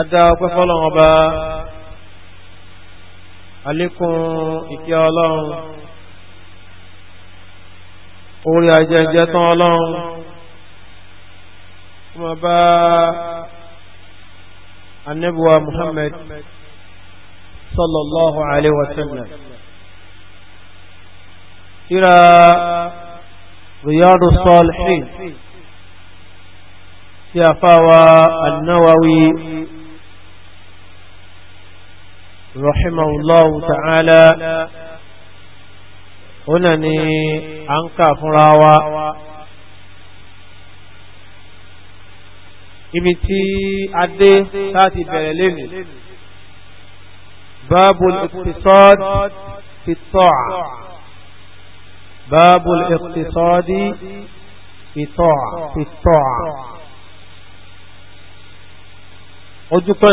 adá ọpẹ́ fọ́lọ́run ọba alékún ìkẹ́ ọlọ́run orí ajẹ́jẹ́ tán ọlọ́run ọmọ bá anẹ́bùwa Muhammad sallallahu alaihi wasallam tírà Riyadu Salihin tí a fáwa annáwáwí رحمه الله تعالى هنا ني أنكا فراوة ibi tí a dé láti bẹ̀rẹ̀ lẹ́nu babul iqtisad fi ta'a babul iqtisadi fi ta'a fi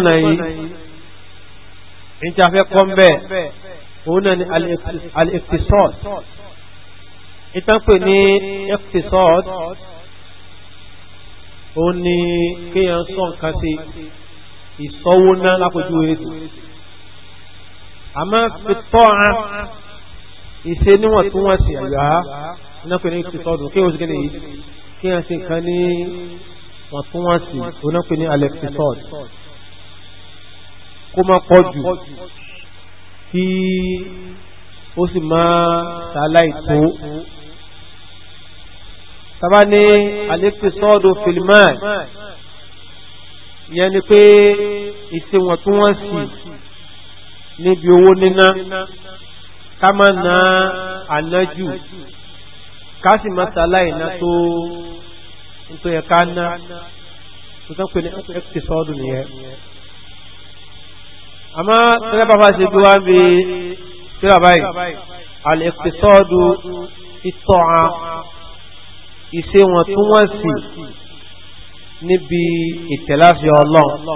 náà yìí níta fẹ́ kọ́ mbẹ́ òun náà ni al-iqtisad ìtànpè ní iqtisad òun ni kéèyàn sọ nǹkan sí ìsọwó náà lápòjú ètò àmọ́ fitọ́ ha ìṣe níwọ̀ntúnwọ̀nsì àyà náà pè ní iqtisad kéèyàn sì kéèyàn sì kéèyàn sì kan ní wọ̀ntúnwọ̀nsì òun náà pè ní al-iqtisad kó má pọ̀ jù kí ó sì máa sàláì tó tàbá ní alẹ́kìsọ́ọ̀dù filimán ìyẹn ni pé ìṣèwọ̀ntúnwọ̀nsì níbi owó níná ká má na ànájù ká sì má sàláì ná tó nítorí ẹ̀ka ná tó tán pé ní alẹ́kìsọ́ọ̀dù nìyẹn àmọ́ tẹ́lẹ̀ bàbá ṣe bí wá ń bi tẹ́lẹ̀ báyìí al-iqtisadu ìtọ́ha ìṣe wọn tún wọ́n sì níbi ìtẹ̀láfẹ́ ọlọ́run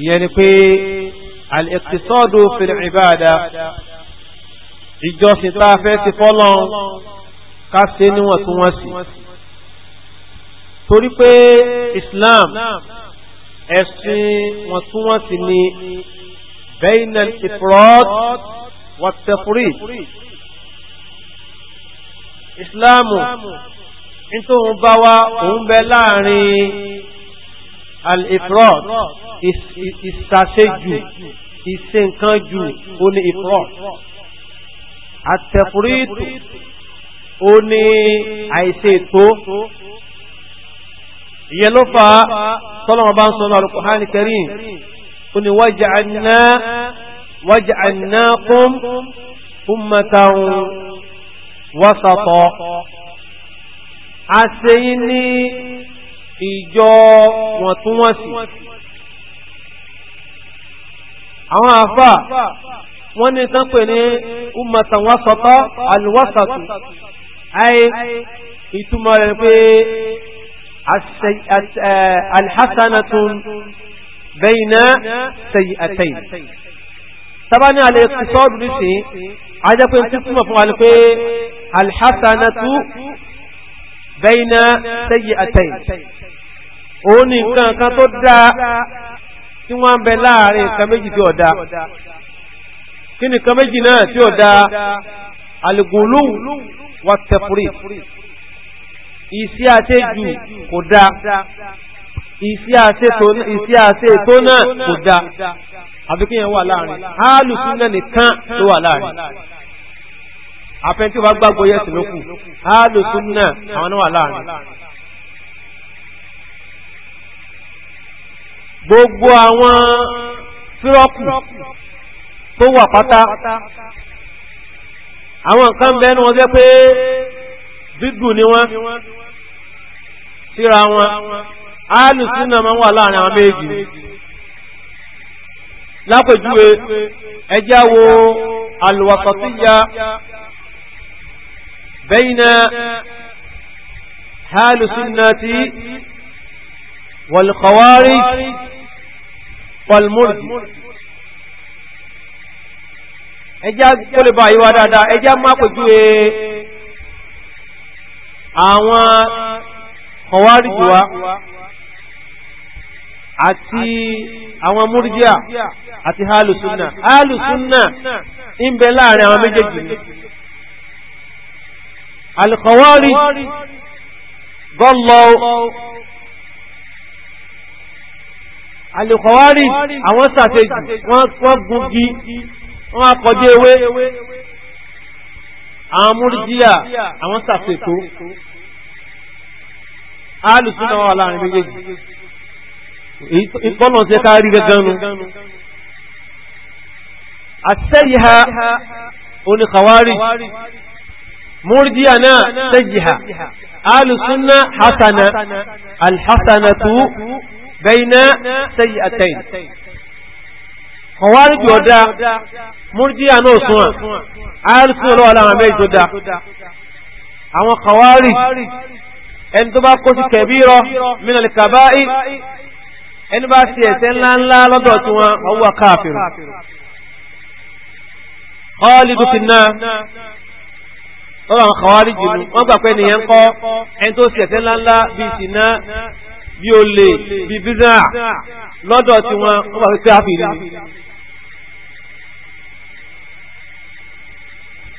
ìyẹn ni pé al-iqtisadu fil ibada ìjọsìn tá a fẹ́ ti fọ́lọ́run ká ṣe níwọ̀n tún wọ́n sì torí pé Islam ẹ̀sìn wọn tún wọ́n sì ní bainal ifrad wa tafrid islamu nítorí bá wá òun bẹ láàrin al-ifrad ìsàṣejù ìṣe ó ní ifrad àtẹ̀fúrítù ó ní àìṣètò ìyẹn ló fà á tọ́lọ́mọ bá ń sọ náà Al-Qur'an Karim ó ní waj'alna waj'alnakum ummatan wasata a ṣe yín ní ìjọ wọ̀ntúnwọ̀nsì àwọn àfà wọ́n ní tán pè ní ummatan wasata al-wasatu ayé ìtumọ̀ rẹ̀ pé alhassanatun بين سيئتين. sábà على alẹ́ نسي ní sí ajẹ́pẹ́ tí túnmọ̀ fún wa ní pé alhassanatu bẹ́yìnà sayi'atayn ó ní nǹkan kan tó dáa tí wọ́n ń bẹ láàrin nǹkan méjì tí ó dáa kí nìkan méjì náà tí ó dáa alìgòlóhùn wàtẹ̀fúrí ìsí àṣejù kò dáa ìsí àṣe tó náà kò dáa àbí kí yẹn wà láàrin áàlùsùn náà nìkan ló wà láàrin àfẹn tí ó bá gbàgbọ́ yẹ̀sìn ló kù áàlùsùn náà àwọn náà wà láàrin. gbogbo àwọn fírọ́kù tó wà pátá àwọn nǹkan bẹ́ẹ̀ ni wọ́n jẹ́ pé dídùn ni wọ́n síra wọn áàlù súnà máa ń wà láàrin àwọn méjì lápèjúwe ẹjá wo alwasatiyya bayna áàlù súnà ti wal khawarij wal murji ẹjá kólébà dáadáa ẹjá má pèjúwe àwọn kọwárìjì wa àti àwọn múrjíà àti hálùsúnnà hálùsúnnà ń bẹ láàrin àwọn méjèèjì ni alkọwárì gọ́lọ́ alkọwárì àwọn sàtẹ́jì wọ́n gun gi wọ́n akọjẹ́ ewé àwọn múrídíà àwọn sàfètò alùsùn náà wà láàrin méjèèjì ìtọ́nà tí ká rí gẹ́gẹ́ nu àṣẹ́yìhá oníkàwárì múrídíà náà ṣẹ́yìhá alùsùn náà hasana alhassanatu bẹ́yìn náà ṣẹ́yìhá kọ̀wárìjì ọ̀dá múrjíà náà súnwà àárísùn ọlọ́wà láwọn abẹ́ ìjọ dá àwọn kọ̀wárì ẹni tó bá kó sí kẹbírọ mínàlì kàbáì ẹni bá sí ẹ̀ṣẹ̀ ńláńlá lọ́dọ̀ tí wọn ọwọ́ káàfìrù ọ́ọ̀lìdù ti ná lọ́dọ̀ àwọn kọ̀wárìjì nù wọ́n gbà pé nìyẹn kọ́ ẹni tó sí ẹ̀ṣẹ̀ ńláńlá bíi ti bí olè bíi bídà lọ́dọ̀ tí wọn wọ́n gbà pé káàfìrù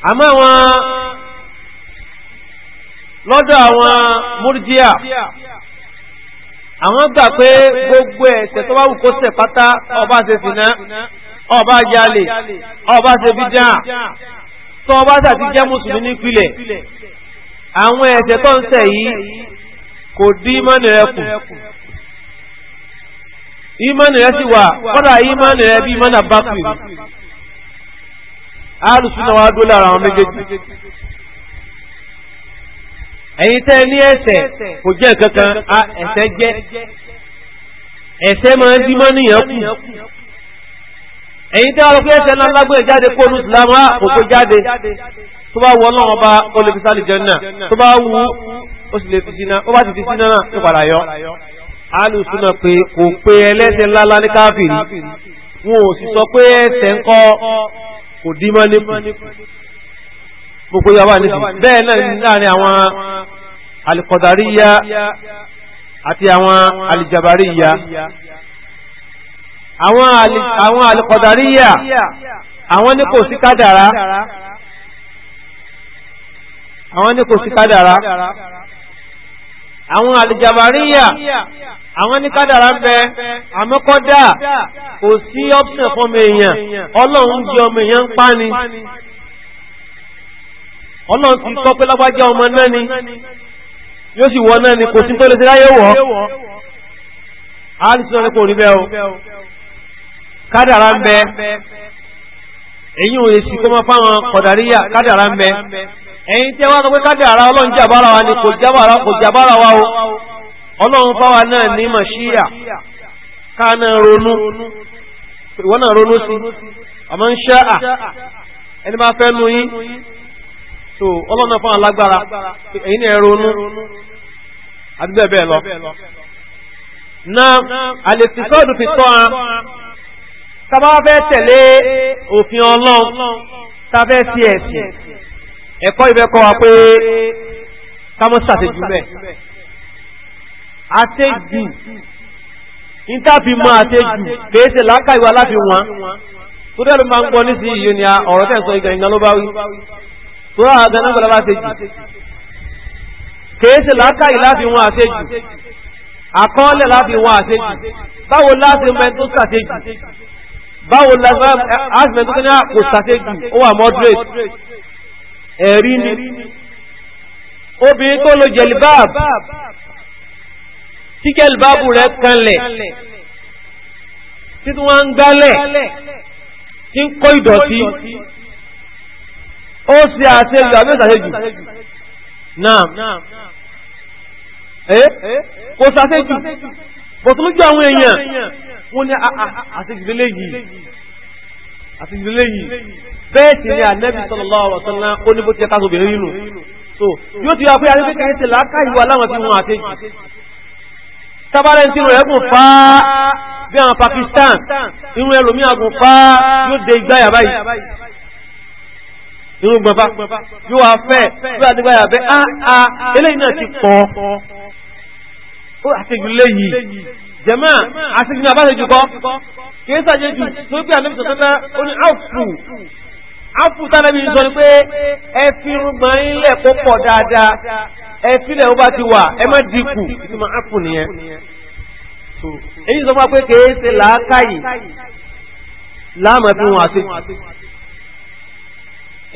àmọ́ àwọn lọ́dọ̀ àwọn múrjíà àwọn gbà pé gbogbo ẹ̀ṣẹ̀ tó bá wù kó ṣẹ̀ pátá ọba ṣe sìnà ọba jalè ọba ṣe bídà tó ọba ṣàti jẹ́ mùsùlùmí nípìlẹ̀ àwọn ẹ̀ṣẹ̀ tó ń ṣẹ̀ yìí kò dín mọ́nì rẹ kù ìmọ̀nì rẹ sì wà kọ́dà ìmọ̀nì rẹ bí mọ́nà bá kù alùsùnà wa dó lára àwọn méjèèjì ẹ̀yin tẹ́ ní ẹ̀ṣẹ̀ kò jẹ́ kankan ẹ̀ṣẹ̀ jẹ́ ẹ̀ṣẹ̀ máa ń dímọ́ níyàn kù ẹ̀yin tẹ́ wà lọ pé ẹ̀ṣẹ̀ náà lágbóyè jáde kó onú ìsìlámù á kò kó jáde tó bá wọ ọlọ́run ọba ó lè fi sálì jẹ náà tó bá wù ú ó sì lè fi síná ó bá ti fi síná náà tó padà yọ alùsùnà pé kò pé ẹlẹ́ṣẹ̀ ńláńlá ní káfíìrì wọn ò sì sọ pé ẹ̀ṣẹ̀ ńkọ́ kò dí mọ́ níkù gbogbo yàrá nísìn bẹ́ẹ̀ náà láàrin àwọn alikọ̀dáríyá àti àwọn alìjàbáríyá àwọn alikọ̀dáríyá àwọn ní kò sí kádàrá àwọn ní kò sí kádàrá àwọn alìjàbáríyá àwọn ní kádàrà ń bẹ àmọ́kọ́dà kò sí option fún ọmọ èèyàn ọlọ́run jẹ́ ọmọ èèyàn ń pa ni ọlọ́run ti kọ́ pé lágbájá ọmọ náà ni yóò sì wọ náà kò sí tó lè ṣe láyé àálùsí náà o ń bẹ èyí ò lè sì kó máa fáwọn ń bẹ ẹ̀yin tí wọ́n sọ wa o. ọlọ́run fáwa náà ní màṣíyà káàná ronú ìwọ́n náà ronú sí àmọ́ ń ṣáà ẹni bá fẹ́ nu yín tó ọlọ́run náà fáwa lágbára èyí náà ronú àti bẹ́ẹ̀ bẹ́ẹ̀ lọ. na àlèsìsọ́ọ̀dù fi tọ́ a tábà fẹ́ tẹ̀lé òfin ọlọ́run tábà fẹ́ sí ẹ̀sìn ẹ̀kọ́ ìfẹ́ kọ́ wa pé ká mọ́ ṣàṣejù bẹ́ẹ̀ àtẹ́jù ìtàfi mọ́ àtẹ́jù kèése lákàíwá láfi wọn tó dẹ́lu máa ń gbọ́ ní sí iye ni ọ̀rọ̀ tẹ́ sọ ìgbà ìgbà ló bá wí tó rà àgbà náà gbọ́dọ̀ àtẹ́jù kèése lákàí láfi wọn àtẹ́jù àkọọ́lẹ̀ láfi wọn àtẹ́jù báwo láti mọ ẹni tó sàtẹ́jù báwo láti mọ ẹni tó ní àpò sàtẹ́jù ó wà moderate ẹ̀rí ni obìnrin tó lo jẹ̀lì báàbù tíkẹ́lì báàbù rẹ̀ kanlẹ̀ títí wọ́n ń gbálẹ̀ tí ń kó ìdọ̀tí ó ṣe àṣejù àbí ìṣàṣejù náà ẹ́ eh? kò ṣàṣejù kò tó lójú àwọn èèyàn wọ́n ní ah, ah, ah, àṣejùlélé yìí àṣejùlélé yìí bẹ́ẹ̀ sì ni ànẹ́bí sallallahu alaihi wasallam ó ní bó ti ẹ káṣọ obìnrin nínú yóò ti yà pé àríwá kékeré làákàyè wà láwọn tí wọ́n àṣejù tabarẹ́ tí rẹ̀ gùn fá bí àwọn Pakistan irun ẹlòmí àgùn fá yóò de igbáyà báyìí irun gbọ̀nfà yóò wá fẹ́ yóò wá dégbáyà bẹ́ á ah, á ah, eléyìí náà ti pọ̀ ó àtẹ̀jù léyìí jẹ̀mọ́ àtẹ̀jù náà bá ṣe jù kọ́ kìí sàjẹ́jù tó gbé ànábì sọ̀tọ́tà ó ní áùfù áùfù tánàbí sọ ni pé ẹ fi irun gbọ̀n ilẹ̀ kó pọ̀ dáadáa ẹ filẹ̀ ó bá ti wà ẹ má dínkù ìtumọ̀ ápù nìyẹn èyí sọ fún wa pé kèé ṣe làákàyè láàmà fi wọn àti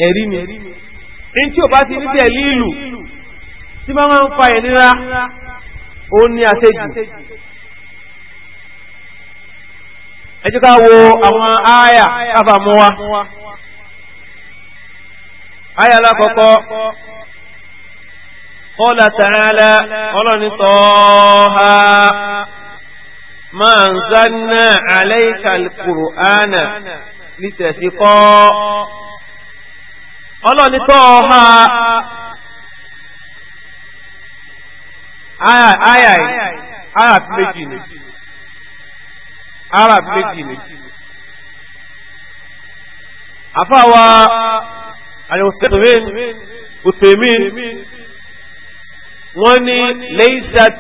ẹ̀rí ni ní tí ò bá ti níbẹ̀ lílù tí máa ń fa ìnira ó ní àṣejù ẹ jẹ́ ká wo àwọn ááyà kábàámọ́ wa ááyà lákọ̀ọ́kọ́. Qala ta'ala ọlọ́ni tọ́ha ma anzalna alayka al-Qur'ana litashqa ọlọ́ni tọ́ha ayayi arab méjì ni arab méjì ni àfáwa àyẹ̀wò sẹ́tùmí wọ́n ní leysat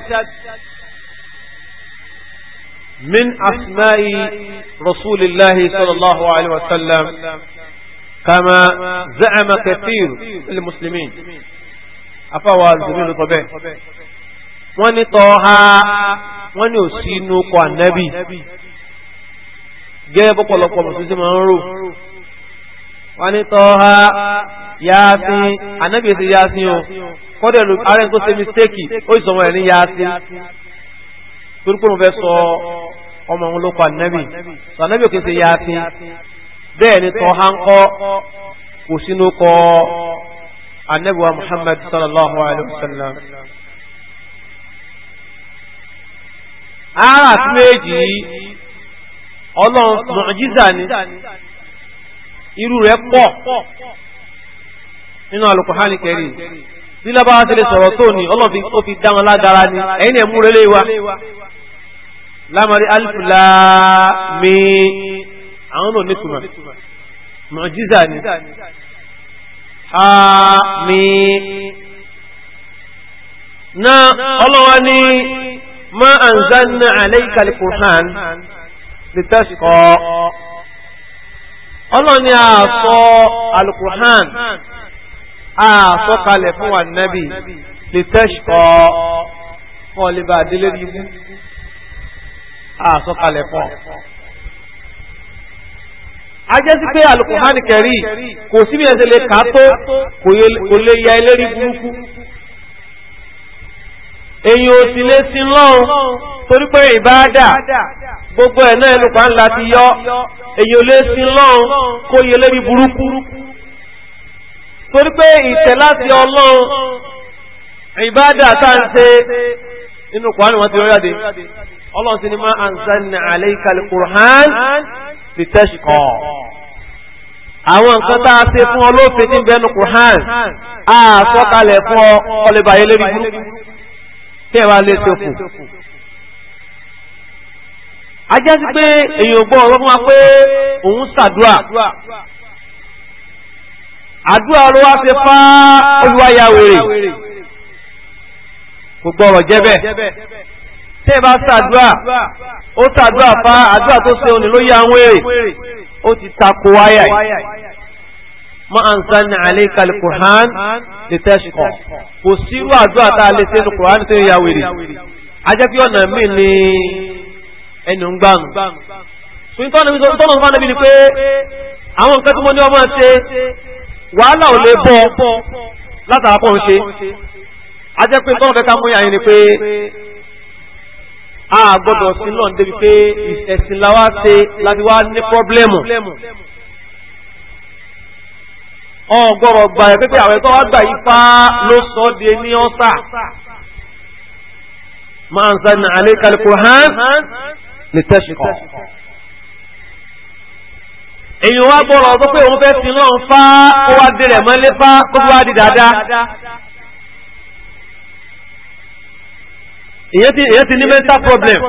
min asma'i rasulillahi sallallahu alaihi wa sallam kama za'ama kathir lil muslimin afawa al-zubayr tó bẹ́ẹ̀ wọ́n ní tọ́ha wọ́n ní òsì inú kọ ànábì gẹ́gẹ́ pọ̀pọ̀lọpọ̀ mùsùlùmí máa ń rò wọ́n ní tọ́ha yáàfin ànábì ti yáàfin o. kọ́dẹ̀ ló ara ẹ̀kọ́ ṣe mistake ó sọ ẹ̀ ní yaasi torí pé fẹ́ sọ ọmọ òun ló pa nẹ́bì ṣe yaasi bẹ́ẹ̀ ni tọ́ ha ń kọ́ kò sínú kọ́ wa Muhammad sallallahu alayhi wa sallam. ara àti méjì ọlọ́run ni irú rẹ̀ pọ̀ nínú bí lábára ti lè sọ̀rọ̀ tó ní ọlọ́run ó fi dá wọn lágara ni ẹ̀yin ẹ̀ múrelé wa lámọ̀rí alifulami àwọn náà nítumọ̀ mọ̀jíza ni àmì náà ọlọ́wọ́ ní ma anzalna alayka al-Qur'an litashqa ọlọ́ni àsọ al-Qur'an àsọ̀kalẹ̀ fún wa nẹ́bì lè tẹ́ṣkọ́ fún ọlẹ́bà délé ní mú àsọ̀kalẹ̀ fún ọ. a jẹ́ sí pé alùkùnrin kẹrí kò sí bí ẹsẹ̀ lè kà á tó kò lè ya ẹlẹ́rìí burúkú èyí ò sì lè sin lọ́run torí pé ìbáadà gbogbo ẹ̀ náà ẹnu kan láti yọ èyí ò lè sin lọ́run kó yẹ lẹ́rìí burúkú torí pé ìtẹ̀ láti ọlọ́run ìbádà sáńsẹ́ inú kwanu wọn ti rọ́ jáde ọlọ́run sí ni máa anzalna alayka al-Qur'an litashqa àwọn nǹkan tá a ṣe fún ọ lófin ní bẹnu Qur'an a sọ̀kalẹ̀ fún ọ ọlẹ́bàáyé lórí burúkú kí ẹ bá lè ṣòfò ajá sí pé èèyàn gbọ́ ọ̀rọ̀ fún wa pé òun ṣàdúrà àdúrà ló wá ṣe fá olúwayà wèrè kò gbọ́rọ̀ jẹ́bẹ̀ tẹ́ bá ṣàdúrà ó ṣàdúrà fá àdúrà tó ṣe òní ló yá àwọn èrè ó ti tako wáyà yìí ma an sanni alayka al-Qur'an lè tẹ́ṣkọ̀ kò sírú àdúrà tá a lè ṣe ní Qur'an tó yà wèrè ajẹ́pẹ́ ọ̀nà míì ni ẹnu ń gbànú tọ́nà fún anabi ni pé àwọn nǹkan tí mo ní ọmọ ṣe wàhálà ò lè bọ́ látara pọ̀ ṣe a jẹ́ pé tọ́lọ̀ fẹ́ ká mú yàn ni pé a gbọ́dọ̀ sí náà débi pé ẹ̀sìn la wá ṣe láti wá ní pọ́blẹ́mù ọgbọ́rọ̀ gbà yẹ pé àwọn ẹ̀tọ́ wá gbà yí fá ló sọ de ní ọ́sà máa ń sanni àlékalẹ̀ kò hàn ní tẹ̀síkọ̀ èyí wá gbọ́rọ̀ ọ̀sọ́ pé òun fẹ́ fi lọ́n fá kó wá dé rẹ̀ mọ́lé fá kó fi wá di dáadáa. èyí ti ní mental problem.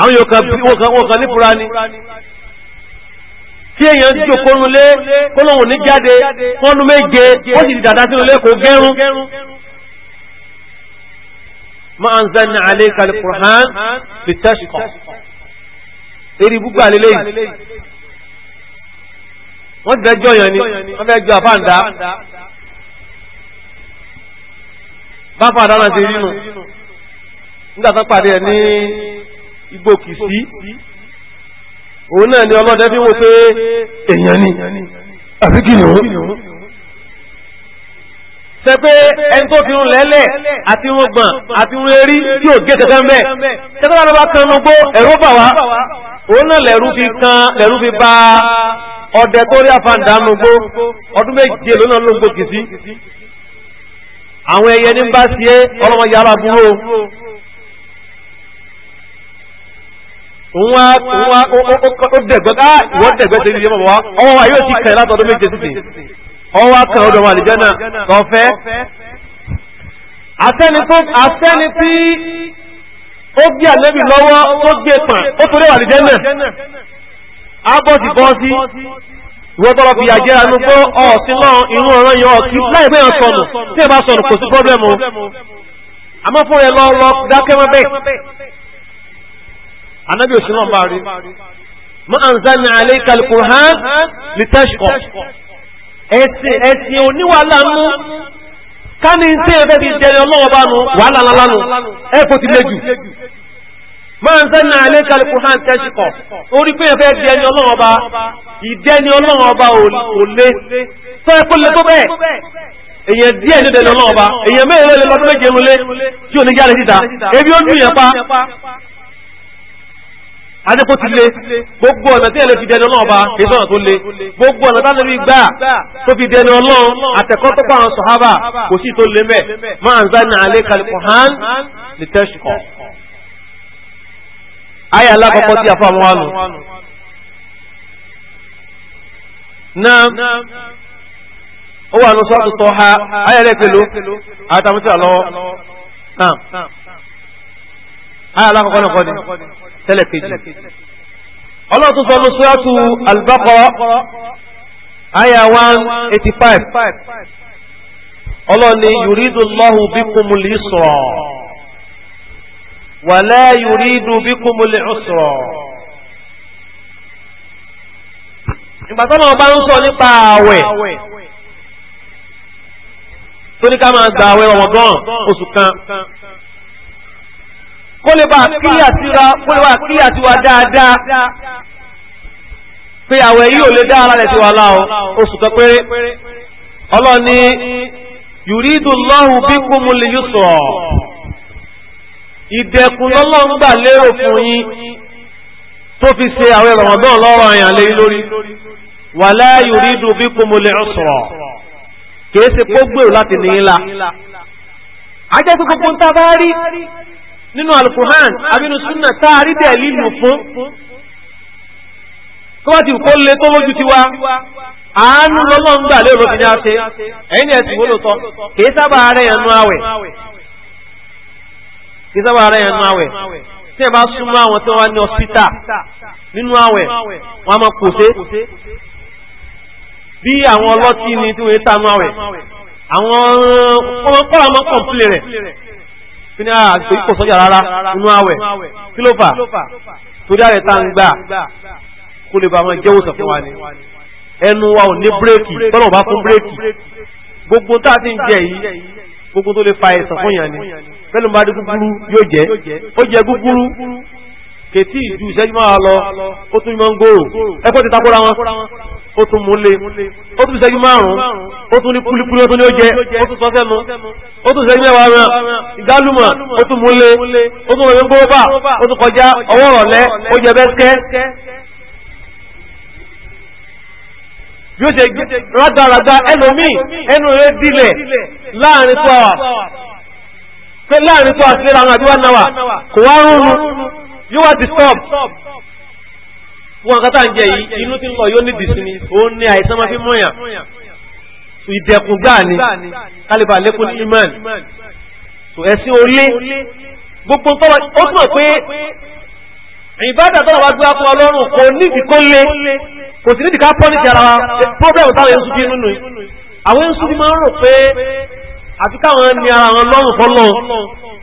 àwọn yóò kàn wọ́n kàn ní fura ni. tí èèyàn jókòó nulẹ̀ kó lóun ní jáde fọ́nú méje ó sì di dáadáa sínú ilé kò gẹ́rùn. ma anzalna alayka al-Qur'an bitashqa. Eri ibùgbé àlélẹ́ yìí wọ́n ti dẹ́jọ́ yẹn ni wọ́n fẹ́ jọ àfáàǹdá báfà àdáná ti rí nù nígbà tó pàdé ẹ̀ ní igbó òun náà ni ọlọ́dẹ fi wò pé èèyàn ni àbí kìnìún ṣe pé ẹni tó ti rún lẹ́lẹ̀ àti rún gbọ̀n àti rún erí tí ò gé kẹ̀kẹ́ mẹ́ kẹ̀kẹ́ wọn bá kan nugbó ẹ̀rú bà wá òun náà lẹ́rú fi kan lẹ́rú fi bá ọdẹ tó rí àfàǹdà nugbó ọdún méje lónà lóńgbò kìsí àwọn ẹyẹ ní bá sí é ọlọ́mọ yàrá burú òun á ó dẹ̀gbẹ́ ká ìwọ́ dẹ̀gbẹ́ sí ibi yẹn bọ̀ wá ọwọ́ wa yóò ti kẹ̀ látọ̀dún méje títì ọwọ́ kan ọdọ̀ wọn àlìjẹ́nà tọ́fẹ́ àtẹ́ni tí ó gbé àlẹ́bì lọ́wọ́ tó gbé tàn ó torí wà àlìjẹ́nà ábọ̀sì bọ́ sí ìwọ́n tọ́rọ fi àjẹ́ àánú pé ọ̀sìn náà inú ọ̀ràn yẹn ọ̀kí láì pé yàn sọnù tí ẹ bá sọnù kò sí pọ́blẹ́mù àmọ́ fún rẹ lọ lọ dákẹ́ mọ́ bẹ́ẹ̀ anábì òsínà bá rí mọ́ àǹzá ní àlẹ́ ìkàlùkù hàn lè tẹ́ṣkọ̀ ẹ̀sìn ẹ̀sìn oníwàhálà ń mú ń tẹ́ ẹ̀fẹ́ ti jẹrẹ ọlọ́wọ́ bá nu wàhálà lálánù ẹ̀kọ́ ti máa ń sẹ́ni àlẹ́ kálukú hàn kẹ́sìkọ̀ orí pé ẹ̀fẹ́ di ẹni ọlọ́ọ̀bá bá ìdí sọ ẹ̀kọ́ tó bẹ́ẹ̀ èyàn díẹ̀ ní adékò ti lé gbogbo ọ̀nà tí ẹ̀lẹ́ fi dẹni ọlọ́run ọba èso ọ̀nà tó lé gbogbo ọ̀nà táwọn ẹbí gbà tó fi dẹni ọlọ́run àtẹ̀kọ́ tó pa àwọn sọ̀hábà kò sí tó lé mẹ́ máa ń zanna alẹ́ kalikọ̀ hàn lè tẹ́sùkọ̀. ayé alákọ̀ọ́kọ́ tí a fọ́ àwọn àlù. náà ó wà lóṣù àtúntò ha ayé rẹ̀ pẹ̀lú àtàwọn tí a lọ́wọ́ ayé alákọ̀ọ́kọ́ náà kọ́ tẹ́lẹ̀ kejì ọlọ́run tó sọ ní sọ́yàtù al-Baqara àyà one eighty five ọlọ́run ni yuridu Allahu bikumul yusra wala yuridu bikumul usra. ìgbà tó náà ń sọ nípa ààwẹ̀ tó ní ká máa gba ààwẹ̀ Ramadan oṣù kan kó lè bá kíyàsíra kó lè bá kíyàsíwa dáadáa pé àwẹ̀ yìí ò lè dá ara rẹ̀ sí wa láò oṣù kan péré ọlọ́ni yùrídù lọ́hùn bí kò mú lè yùsọ̀ ìdẹ̀kùn lọ́lọ́run gbà lérò fún yín tó fi ṣe àwẹ̀ Ramadan lọ́rọ̀ àyàn lé lórí wàlá yùrídù bí kò mú lè yùsọ̀ kìí ṣe kó gbèrò láti ní ńlá ajẹ́ pé gbogbo ń ta nínú alukuhan abinu sunna taari dẹ̀lí lù fún kọ́wàtí kó lè tó lójú ti wá àánú lọ́lọ́ ń gbà lérò fi ní a ṣe ẹ̀yìn ẹ̀sìn wọ́n lò tọ́ kìí sábà ara ẹ̀nu àwẹ̀ kìí sábà ara ẹ̀nu àwẹ̀ tí ẹ bá súnmọ́ àwọn tí wọ́n wá ní ọ̀sítà nínú àwẹ̀ wọ́n á máa kò sé bí àwọn ọlọ́tí ni tí wọ́n ń tanú àwẹ̀ àwọn ọmọ kọ́ra máa kọ̀ǹpìlì rẹ̀ kí ni àgbè kò sọ́jà rárá inú àwẹ̀ kí ló fà torí àrẹ tá ń gbà kó lè ba àwọn ìjẹ́wò sọ fún wa ni ẹnu wa ò ní bírèkì tọ́nà bá fún bírèkì gbogbo tá a ti ń jẹ yìí gbogbo tó lè fa ẹ̀sán fún yàn ni fẹ́lẹ́ bá dé gúgúrú yóò jẹ́ ó jẹ gúgúrú kètí ìjú ìṣẹ́jú máa lọ ó tún mọ́ ń gbòòrò ẹkọ́ ti takora wọn ó tún múlé ó tún ìṣẹ́jú márùn-ún ó tún ní kúlíkúlí ó tún ní ó jẹ ó tún sọ́sẹ́nu ó tún ìṣẹ́jú mẹ́wàá rẹ̀ ìgálùmọ̀ ó tún múlé ó tún rẹ̀ gbówó bá ó tún kọjá ọwọ́ rọ̀lẹ́ ó jẹ bẹ́sikẹ́ bí ó ṣe rádaràda ẹlòmíì ẹnu rẹ̀ dilẹ̀ láàrin tó àwà pé láàrin tó àtìlẹ́ra àwọn àbíwá náwà kò wá rúnrún You yóò wá disturb wọn kata ń jẹ yìí inú ti ń lọ yóò ní dìsíní òun ní àìsàn máa fi mọ̀yàn ìdẹ̀kùn gáà ni kálífà lẹ́kùn imán ẹ̀sìn orílẹ̀ gbogbo tọ́wọ́ ó túnmọ̀ pé ìbádà tọ́wọ́ wá gbé akọ ọlọ́run kò nídìí kó lé kò sí nídìí ká pọ́nìtì ara wa problem táwọn yẹn ń súnfí nínú yìí àwọn yẹn ń súnfí máa ń rò pé àfi káwọn ní ara wọn lọ́rùn fọ́lọ́run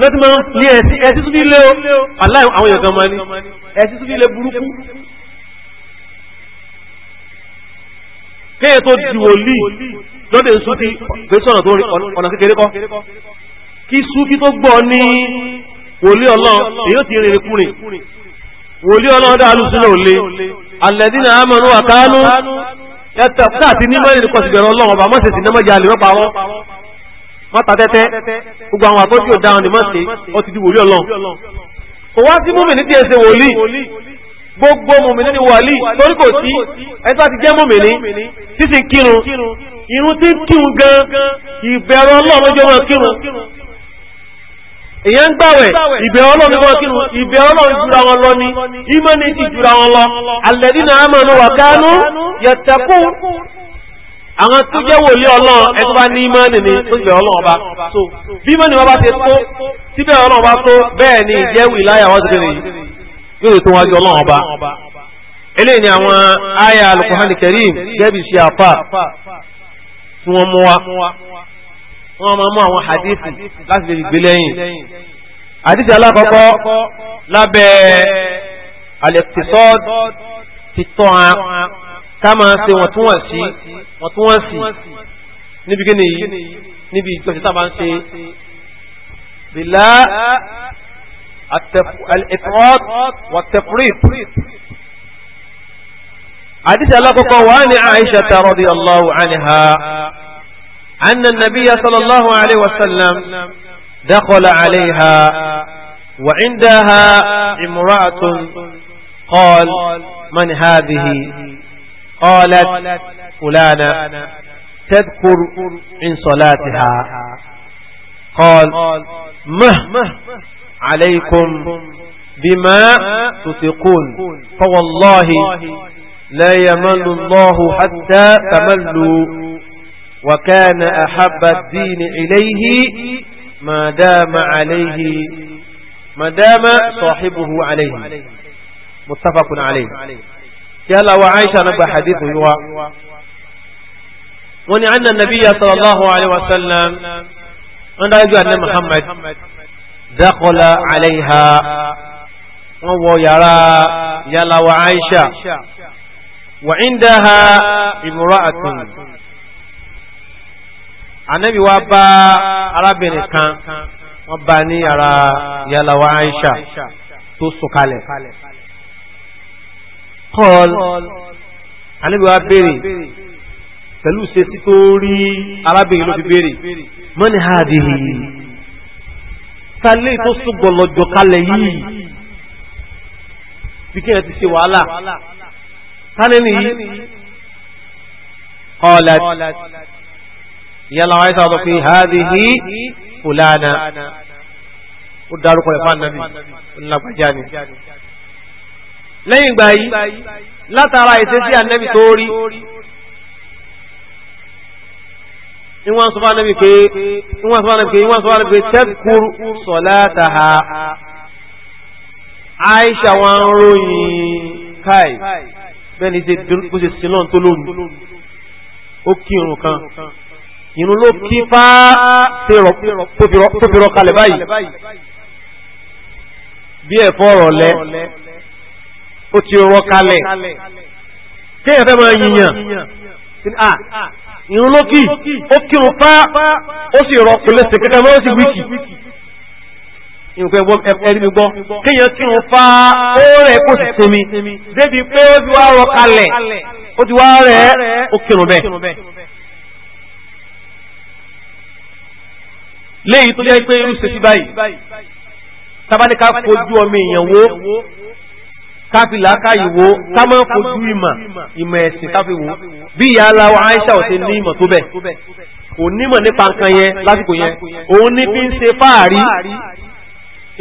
lọ́tí máa ní ẹ̀sí ẹ̀sí tún nílé o aláì àwọn èèyàn kan máa ní ẹ̀sí tún nílé burúkú kéèyàn tó di wòlíì lóde nsú ti pé sọ̀rọ̀ tó rí ọ̀nà kékeré kọ́ kí súkí tó gbọ́ ní wòlíì ọlọ́run èyí ó ti rìnrìn kúrìn wòlíì ọlọ́run dá alùsùn náà lé alẹ́dínà amọ̀nù àkánú yàtọ̀ káàtì ní mọ́rin ọlọ́run ọba mọ́sẹ̀sì náà mọ́jà lè wọn wọ́n ta tẹ́tẹ́ gbogbo àwọn àfọ́jú ọ̀daràn ni wọ́n ṣe ó ti di wòlíì ọlọ́run kò wá sí mùmìnì tí ẹ ṣe wòlíì gbogbo mùmìnì ni wàlíì torí kò sí ẹni tó ti jẹ́ mùmìnì títí kírun irun tí kírun gan ìbẹ̀rù ọlọ́run lójó wọn kírun èyàn ń gbàwẹ̀ ìbẹ̀rù ọlọ́run lójó wọn kírun ìbẹ̀rù ọlọ́run jura wọn lọ ni ìmánì ti jura wọn lọ alladina amanu wa kanu yattaqun àwọn tó jẹ́ wòlíì ọlọ́run ẹ tó bá ní ìmọ̀ọ́nì ni tó sì bẹ̀rẹ̀ ọlọ́run ọba tó bí ìmọ̀ọ́nì wọn bá ti tó tí bẹ̀rẹ̀ ọlọ́run ọba tó bẹ́ẹ̀ ni ìjẹ́wì láyà wọ́n ti rí nìyí yóò tó wájú ọlọ́run ọba eléyìí ni àwọn àyà alukuhani karim gẹ́bí ṣe àfà tí wọ́n mú wa wọ́n máa mú àwọn hadithi láti lè gbé lẹ́yìn hadithi alákọ̀ọ́kọ́ lábẹ́ al-iqtisad ti tama máa ṣe wọ́n tún wọ́n sí wọ́n tún wọ́n sí níbi kí nìyí níbi ìjọsìn tábà ń ṣe bìlá al-ifrat wa at-tafrit àdìsí ko wà ní Aisha radhiyallahu anha anna an-nabiy sallallahu alayhi wa sallam dakhala alayha indaha imra'atun قال من هذه قالت فلانة تذكر من صلاتها قال مه عليكم بما تثقون فوالله لا يمل الله حتى تملوا وكان أحب الدين إليه ما دام عليه ما دام صاحبه عليه متفق عليه yálà wa Aisha náà gba hadith yìí wa wọ́n ní anna nabiyya sallallahu alayhi wa sallam wọ́n dájú àná Muhammad dakhala alayha wọ́n wọ yàrá yálà wa Aisha wa indaha imra'atun anabi wa bá arábìnrin kan wọ́n bá ní yàrá yálà wa Aisha tó sọ̀kalẹ̀ kọ́ọ̀l ànábì wa béèrè pẹ̀lú ṣetí tó rí arábìnrin ló fi béèrè mọ́ni hàdìhì talé tó súgbọ̀n lọ́jọ́ kalẹ̀ yìí bí kí ẹ ti ṣe wàhálà tani nìyí kọ́ọ̀lá ìyálà wáyé sábà pé hàdìhì fúlànà ó dárúkọ ẹ̀fọ́ ànábì ńlá gbàjá lẹ́yìn ìgbà yìí látara ìṣesí ànẹ́bì tó rí ìwọ̀n sọ fún ànẹ́bì pé ìwọ̀n sọ fún ànẹ́bì pé ìwọ̀n sọ fún ànẹ́bì pé tẹ́kùrù sọ̀láàtàhà Aisha wọn ròyìn káì bẹ́ẹ̀ ni ṣe kó ṣe sí náà tó lónìí ó kí irun kan irun ló kí fá tó fi rọ kalẹ̀ báyìí bí ẹ̀fọ́ ọ̀rọ̀ lẹ́ ó ti rọ kalẹ̀ kéèyàn fẹ́ máa yìnyàn ah ìrún lókì ó kírun pa ó sì rọ pẹ̀lẹ́sẹ̀ kẹ́kẹ́ mọ́ ó sì wíkì ìrùkọ ẹni mi gbọ́ kéèyàn kírun fa ó rẹ̀ kó sì sinmi débi pé ó ti wá rọ kalẹ̀ ó ti wá rẹ̀ ó kírun bẹ́ẹ̀. léyìí tó jẹ́ pé irú ṣe sí báyìí tabaníkà kojú ọmọ èèyàn wo káfí làákàyè wo ká máa fojú ìmọ̀ ìmọ̀ ẹ̀sìn káfí wo bí ìyá aláwọ̀ Aisha ò ṣe ní ìmọ̀ tó bẹ̀ kò nímọ̀ nípa nǹkan yẹn lásìkò yẹn òun ní fi ń ṣe fáàrí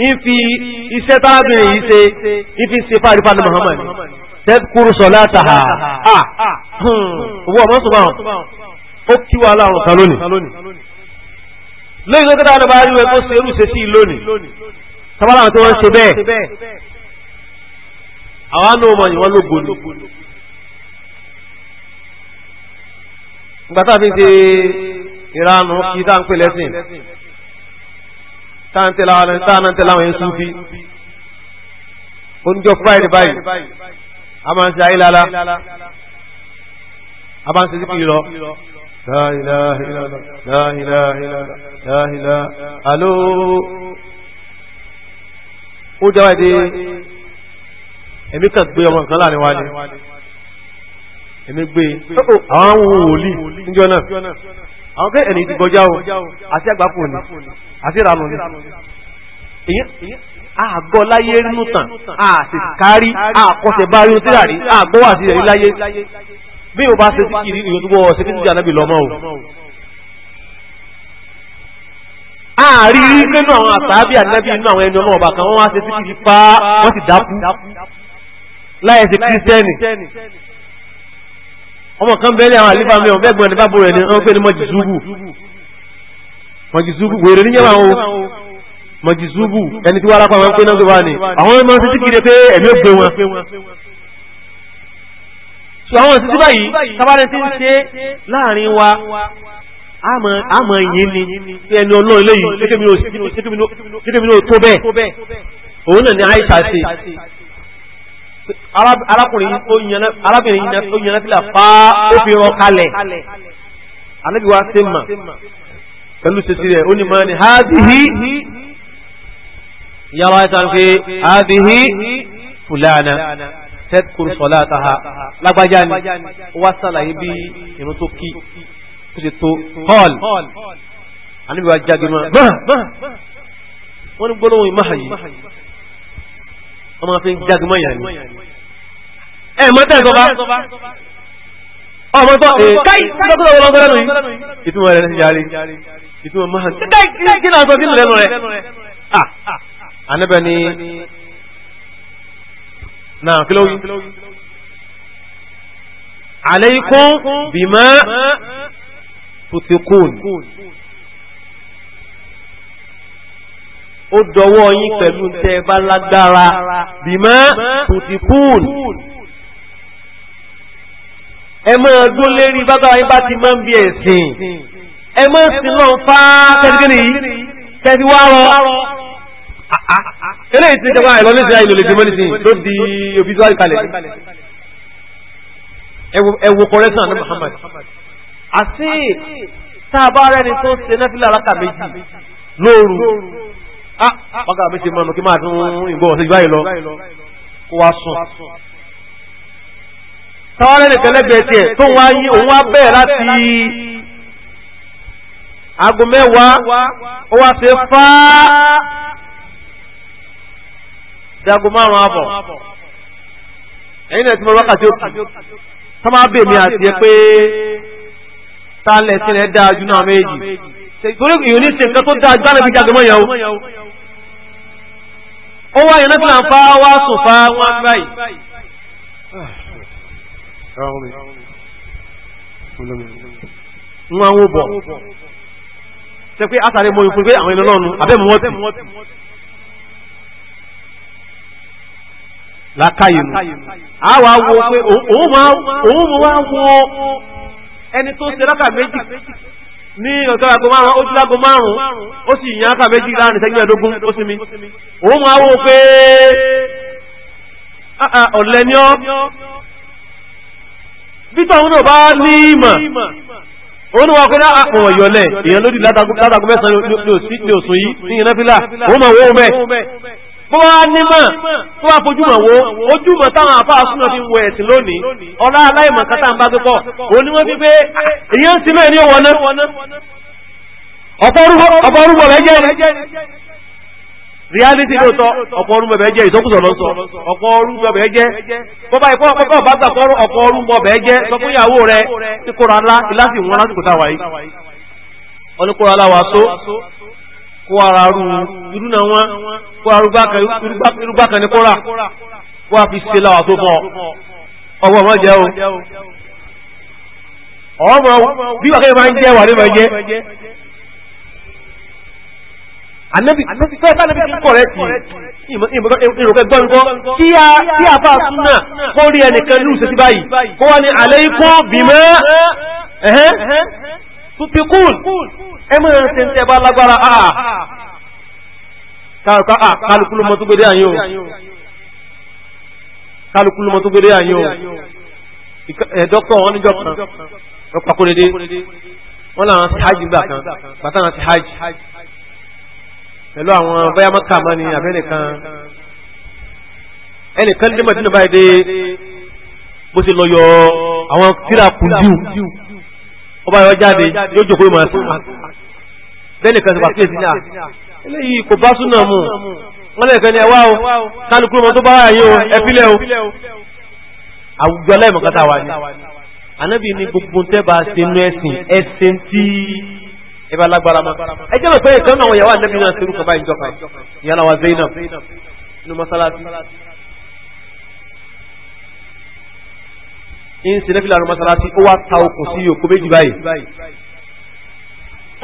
ń fi iṣẹ́ tábìrin yìí ṣe ń fi ń ṣe fáàrí fáàrí Muhammad tẹ́kùrú sọ̀lá tàhà à hmm, owó ọmọ sọ báwọn ó kí wa láàrùn kan lónìí lóyìn tó kẹta ọdọ bá rí wọn tó ṣe irú ṣe sí lónìí tọ́bálà tó wọ́n ṣe bẹ́ẹ̀ àwa náà mọ̀ ìwọ́n lógo ni. ìgbà tá a fi ń ṣe ìranù kí tá à ń pè tá à ń tẹ̀lé tá à ń tẹ̀lé yẹn Sufi oníjọ Friday báyìí a máa ń ṣe ayé lala a máa ń ṣe sípò ìlọ. La ilaha illallah, la ilaha illallah, la ilaha Ó jẹ́ dé èmi kàn gbé ọmọ nǹkan láàrin wa ni èmi gbé àwọn ohun wòlíì níjọ náà àwọn pé ẹni ti kọjá o àti àgbákò ni àti ìranù ni àgọ́ láyé nínú tàn àti kárí àkọsẹ̀ bá rí oṣù rárí àgọ́ wà sí ẹ̀rí láyé bí o bá ṣe sí kiri ìyóntú wọ ọ̀sẹ̀ kí níjà nábì lọ́mọ o. àárí rí pé nínú àwọn àtàbí ànábì nínú àwọn ẹni ọmọ ọba kan wọ́n wá ṣe sí kiri pa wọ́n sì dákú láyé sí kírísítẹ́nì ọmọ kan bẹ́ẹ̀ ní àwọn àlífà mi ọ̀bẹ́ gbọ́n ní bá bóra ẹni wọ́n pè ní mọ̀jìzúbù mọ̀jìzúbù wèrè níyẹn wà wọn mọ̀jìzúbù ẹni tí wọ́n arápá wọn pé náà tó bá ní àwọn ọmọ títí kiri pé ẹ̀mí ó gbé wọn. sọ àwọn títí báyìí tábàdé ti ń ṣe láàrin wa àmọ́ yìí ni ẹni ọlọ́run lẹ́yìn ṣé kí mi ò tó bẹ́ẹ̀ òun náà ni Aisha ṣe arákùnrin arábìnrin ó yẹn náà fílà fá ó fi rọ kalẹ̀ anábì wa ṣe mà pẹ̀lú ṣe tirẹ̀ ó ní mọ́ ni hábìhí yàrá ìtàn pé hábìhí fúlànà tẹ́kùrù sọ̀lá àtàhà lágbájá ni wá sàlàyé bí irun tó kí tó ṣe tó hall àníbi wa jáde mọ́ wọ́n ní gbọ́dọ̀ wọn ìmáhà yìí wọ́n máa fi ń jáde ẹ mọ tẹ́ sọ bá ọmọ tó ẹ káì lọ́kùnrin ọmọ ọmọ lẹ́nu yìí ìtumọ̀ rẹ̀ ní yàrá ìtumọ̀ máa ń káì kí náà sọ sínú lẹ́nu rẹ̀ ànábẹ́ ni náà kí ló wí aleikum bima tutikun ó dọwọ́ yín pẹ̀lú tẹ́ bá lágbára bima tutikun ẹ máa dún lérí bàbá yín bá ti máa ń bí ẹ̀sìn ẹ máa sì lọ fá tẹ́tíkìnì yìí tẹ́tí wá rọ. Ah, ah, ah. eléyìí ti jẹ́ wá ẹ̀rọ ní ìsirayìí lòlẹ̀ dèmọ́ nísìnyí tó di obituary kalẹ̀ ẹ wo correction ní Muhammad àti tá a bá rẹ́ni tó ṣe náfìlà alákà méjì lóru ah wákàtí méjì mọ́nu kí máa tún ìbọn ọ̀sẹ̀ ìgbà yìí lọ kó wá sùn tọ́wọ́lẹ́ nìkan lẹ́gbẹ̀ẹ́ tiẹ̀ tó wá yí òun wá bẹ́ẹ̀ láti aago mẹ́wàá ó wá ṣe fáá dago márùn-ún àbọ̀ ẹ̀yìn náà ti mọ wákàtí òkú tọ́mọ abèmí àti ẹ pé tá a lẹ̀ rẹ̀ dáa jù náà méjì torí ìròyìn ṣe nǹkan tó dáa gbára fi jáde mọ́ yẹn ó wá yẹn náà ti là ń fa wá sùn fa wọn báyìí ẹ̀wọ̀n mi olómi ń wá wó bọ̀ ṣe pé àtàrí mo fún pé àwọn ẹlọ́nu abẹ́mu wọ́n tì lákàyè nù àwa wo pé òun máa wo ẹni tó ṣe rákà méjì ní ọ̀tọ́ àgọ́ márùn-ún ó dúlágọ́ márùn-ún ó sì yàn ákà méjì láàrin ìṣẹ́jú ẹ̀ẹ́dógún ó sinmi òun máa wò pé ah, ah, ọ̀lẹ́ ọ́ bí tọ́hún náà bá ní ìmọ̀ ni wọ́n kọ́ ní àpọ̀ ìyọ̀lẹ̀ èèyàn lórí látàkùn ní òsùn yìí ní ìrẹ́fílà ó mọ̀ wó mẹ́ bó wá nímọ̀ tó wá fojúmọ̀ wo ojúmọ̀ táwọn àfáà súnmọ̀ fi ń ẹ̀sìn lónìí ọlá aláìmọ̀ kátà ń bá gbẹ́pọ̀ onye ni wọ́n fi pé èèyàn ah, ti mẹ́rin ọwọ́ náà ọ̀pọ̀ rẹ̀ jẹ́ reality lóòótọ́ ọ̀pọ̀ ọrùn bẹ̀bẹ̀ jẹ́ ìsọkúsọ̀ lọ sọ ọ̀pọ̀ ọrùn bẹ̀bẹ̀ jẹ́ bọ́bá ikọ́ ọ̀pọ̀ ọ̀bá gbà kọ́rọ̀ ọ̀pọ̀ ọrùn bẹ̀bẹ̀ jẹ́ sọ fún ìyàwó rẹ tí kóra ńlá ìlàsì wọn lásìkò táwa yìí ọlọ́kóra aláwa tó kó ara rú irú náà wọn kó ní kóra kó a fi ṣe láwa tó ọwọ́ ọmọ jẹ́ o anabi fẹ́ bá anabi kọ̀ rẹ̀ tí ìrùkẹ́ gbọ́n kọ́ kí a a fà súnà kó rí ẹnìkan ní ìṣẹ́sí báyìí kó wá ní alaykum bima tutikun ẹ mọ̀ ẹ̀rọ tẹ̀ ń tẹ́ bá lágbára a ah. ah, kálukulu mọ́tò gbédé àyè o kálukulu mọ́tò gbédé àyè o dókítà wọn níjọ kan ọ̀pàkùnrin dé wọn làwọn ti hajj gbà kan bàtà wọn hajj pẹ̀lú àwọn bóyá mọ́kà mọ́ ni àbẹ́nìkan ẹnìkan dé mọ̀tínú báyìí dé bó ṣe lọ yọ àwọn tíra kùndíù ó bá yọ jáde yóò jókòó ìmọ̀ ẹ̀sùn bẹ́nìkan ti pàkíyèsí náà eléyìí kò bá súnà mu wọn lẹ́ẹ̀kan ni ẹ wá o kálukú ọmọ tó bá wà yín o ẹ fílẹ̀ o àwùjọ aláìmọ̀kátà wa ni ànábì ní gbogbo tẹ́ bá ṣe nú ẹ̀sìn ẹ̀sìn tí ẹ bá lágbára ma ẹ jẹ́ pé ìkan náà yàwó ànábì náà ṣerú kan báyìí jọkan ìyànà wa Zainab inú mọ́sálásí ń ṣe nẹ́fìlà inú mọ́sálásí ó wá ta okùn sí òkú méjì báyìí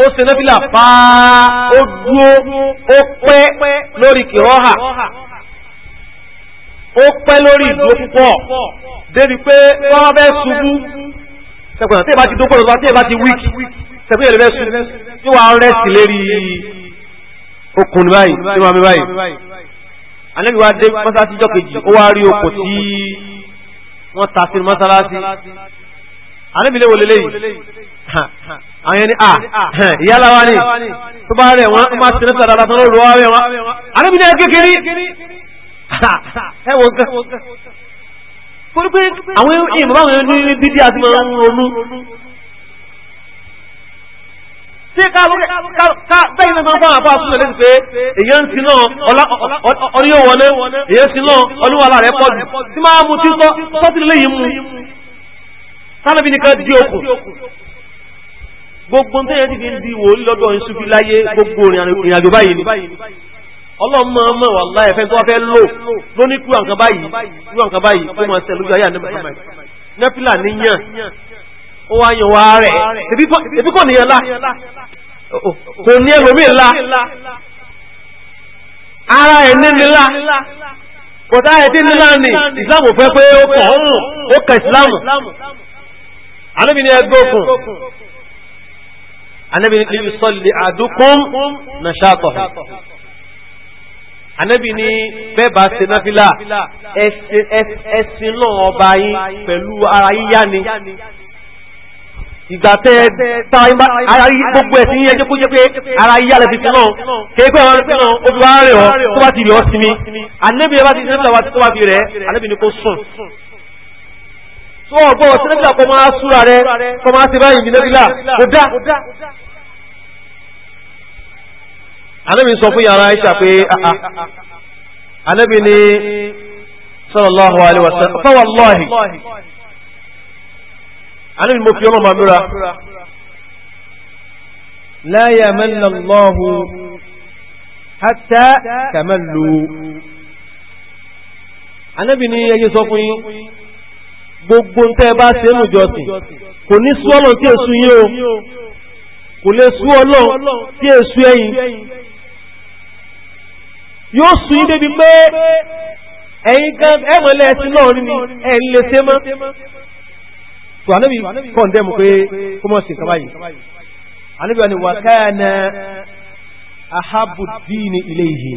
ó ṣe nẹ́fìlà pàá ó dúró ó pẹ́ lórí kìrọ́hà ó pẹ́ lórí ìdúró púpọ̀ débi pé wọ́n bẹ́ ṣubú ṣẹ̀kùnà tí ìbá ti dókòrò tí ìbá ti wíkì sẹ́kúnyẹ̀ lè bẹ́sùn tí wàá rẹ́sì lérí okùn ní báyìí tí wàá mi báyìí ànábì wa dé mọ́sálásí jọ́ kejì ó wá rí okùn tí wọ́n ta sí mọ́sálásí ànábì lè wọlé léyìí àwọn yẹn ni a ah, ìyálà wa ni tó bá rẹ̀ wọ́n máa ti rẹ́sì dáadáa tán lóru wáwẹ́ wọn ànábì náà kékeré ẹ wọ nǹkan torí pé àwọn ìmọ̀ báwọn ní bídí àti máa ń ronú tí ká bẹ́yìn náà máa bá àbá súnlẹ̀ lẹ́sìn pé èyàn ti náà ọdún yóò wọlé èyàn ti náà ọdún wà láàrẹ pọ̀jù tí máa mú tí tọ́tí lè yìí mú sálábì nìkan di okùn gbogbo tó yẹn ti fi ń di wò lọ́dọ̀ ìṣubí láyé gbogbo ìrìnàjò báyìí ni ọlọ́run máa mọ̀ wà láyé fẹ́ tó wá fẹ́ lò lóníkú àǹkan báyìí lóníkú àǹkan báyìí tó máa tẹ̀ lójú ayé àná ó wá yan wá rẹ̀ ebi kò níyàn lá kò ní ẹlòmíì lá ara ẹ̀ ní nílá kọ̀tà ẹ̀ tí nílá ni ìsìláàmù fẹ́ pé ó kàn ń ó kàn ìsìláàmù àlóbi ni ẹgbẹ́ òkun ànábi ni kìlì sọ́ọ̀lì àdúkùn nàṣàtọ̀ ànábì ní bẹ́ẹ̀ bá ṣe náfìlà ẹ̀sìn náà ọba yín pẹ̀lú ara yíyá ni ìgbà tẹ tá ara gbogbo ẹ̀sìn yẹn jókòó jẹ́ pé ara yí alẹ́ fi sinú kéèké ọ̀rọ̀ sinú o fi wá rẹ̀ ọ́ tó bá ti rẹ̀ ọ́ sinmi ànẹ́bí ẹ bá ti sinú ìlàwà tó bá fi rẹ̀ ànẹ́bí ni kò sùn. tó o gbọ́ sinú ìlà kó máa súra rẹ kó máa ṣe báyìí nínú ìlà kò dá. ànẹ́bí sọ fún yàrá Aisha pé ah, ah. ànẹ́bí ni sallallahu alaihi wasallam fa wallahi ànábì mo fi ọlọ́run bá búra la yamanna Allahu hatta tamallu ànábì ní ẹyẹ sọ fún yín gbogbo ń tẹ́ bá ṣe é nùjọ́sìn kò ní sú ọlọ́run tí èsù yín o kò lè sú ọlọ́run tí èsù ẹ̀yìn yóò sú yín débi pé ẹ̀yin gan ẹ̀mọ́lẹ̀ ẹ̀sìn náà ní ẹ̀yin lè ṣe mọ́ so anabi kọ́ndẹ́mù pé kó mọ̀ sí nǹkan báyìí anabi wà ní wà kana ahabu dini ilayhi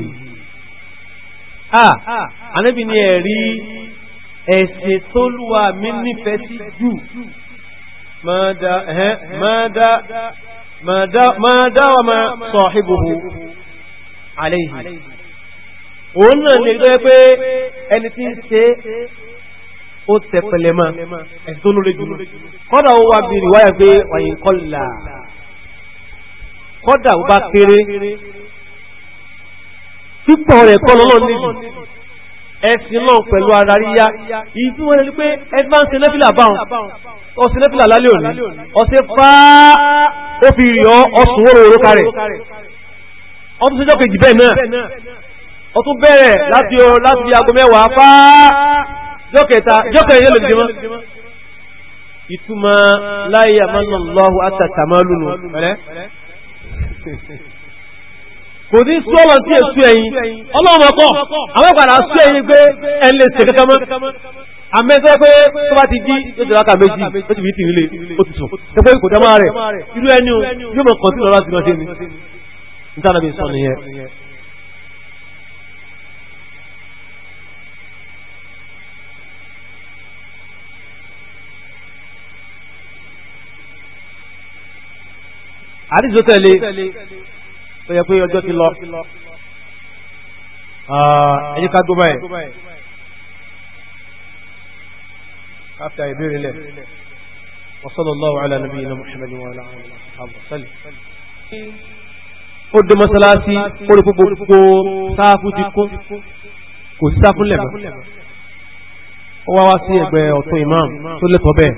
a anabi ní ẹ̀rí ẹ̀sìn tó lùwà mí nífẹ̀ẹ́ sí jù mada mada mada wà máa sahibuhu alayhi òun náà lè gbé pé ẹni tí ń ṣe ó tẹ pẹlẹ mọ ẹsẹ tó lórí jùlọ kódà ó wá bí ìwáyà pé ọyìn kọlà kódà ó bá kéré pípọ̀ rẹ̀ kọ́ lọ́lọ́ níbi ẹ̀sìn náà pẹ̀lú ara yíyá ìyí tí wọ́n rẹ̀ ní pé ẹgbẹ́ ń ṣe nẹ́fìlà báwọn ọ̀sẹ̀ nẹ́fìlà lálẹ́ òní ọ̀sẹ̀ fáá ó fi rí ọ ọ̀sùn wóró oróka rẹ̀ ọdún sẹ́jọ́ kejì bẹ́ẹ̀ náà ọtún bẹ̀rẹ̀ láti aago mẹ́wàá fáá jọ́kẹta jọ́kẹta yẹn lòdì mọ́ ituma láyé àmàlà lọ́hù àtàtàmálùnù rẹ̀ kò ní sú ọ̀lọ́ tí èsú ẹ̀yìn ọlọ́run ọkọ̀ àwọn ìpàdà sú ẹ̀yìn pé ẹ̀ ń lè ṣe kankan mọ́ pé tó bá ti jí tó ti ti fi tì nílé ó ti sùn tó pé kò dá máa irú ẹni yóò kàn sí àdìsó tẹ̀lé tó yẹ pé ọjọ́ ti lọ ẹ̀yí ká gbọ́ báyìí káfíà ìbéèrè lẹ̀ wasallallahu ala nabiyina muhammadin wa ala alihi wa sallam ó dé mọ́sálásí ó rí gbogbo sáfù ti kún kò sí sáfù lẹ̀mọ́ ó wá wá sí ẹgbẹ́ imam tó lẹ́tọ̀ọ́ bẹ́ẹ̀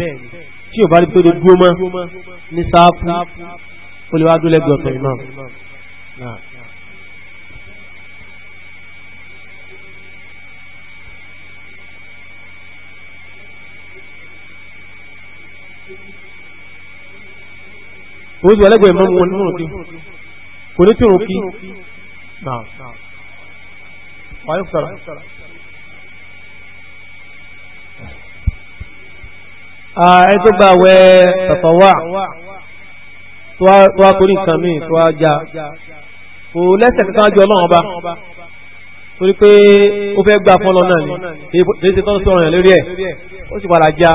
bẹ́ẹ̀ ni tí ò bá rí pé ó dúró mọ́ ní sáàpù ó lè wá dúró lẹ́gbẹ̀ẹ́ ọ̀tọ̀ imam. ó sì imam wọn ní mọ̀ràn kí kò ní tí òun kí. wàá yóò sọ̀rọ̀. Ah, ẹ tó gba àwẹ̀ tàtàwà tó wá torí nǹkan míì tó wá já kò lẹ́sẹ̀ kankan jọ náà ọba torí pé ó fẹ́ gbà fọ́lọ́ náà ni èyí tó ń sọ ọ̀ràn lórí ẹ̀ ó sì padà já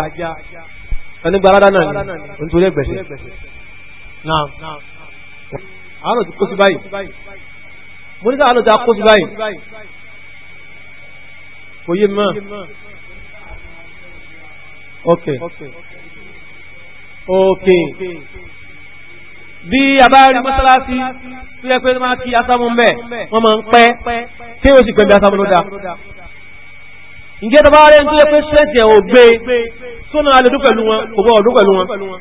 ẹni gba aládá náà ni nítorí ẹgbẹ̀sẹ̀ náà àárọ̀ ti kó sí báyìí mo ní sáà àárọ̀ ti kó sí báyìí kò yé mọ́ ok ok bí a bá rí mọ́sálásí tó yẹ pé máa kí asámú ń bẹ̀ wọ́n máa ń pẹ́ kí o sì pẹ̀lú asámú ló dáa ǹjẹ́ tó bá rí tó yẹ pé sẹ́ǹtì ẹ̀ ò gbé tó náà lè dún pẹ̀lú wọn kò bọ́ ọ̀dún pẹ̀lú wọn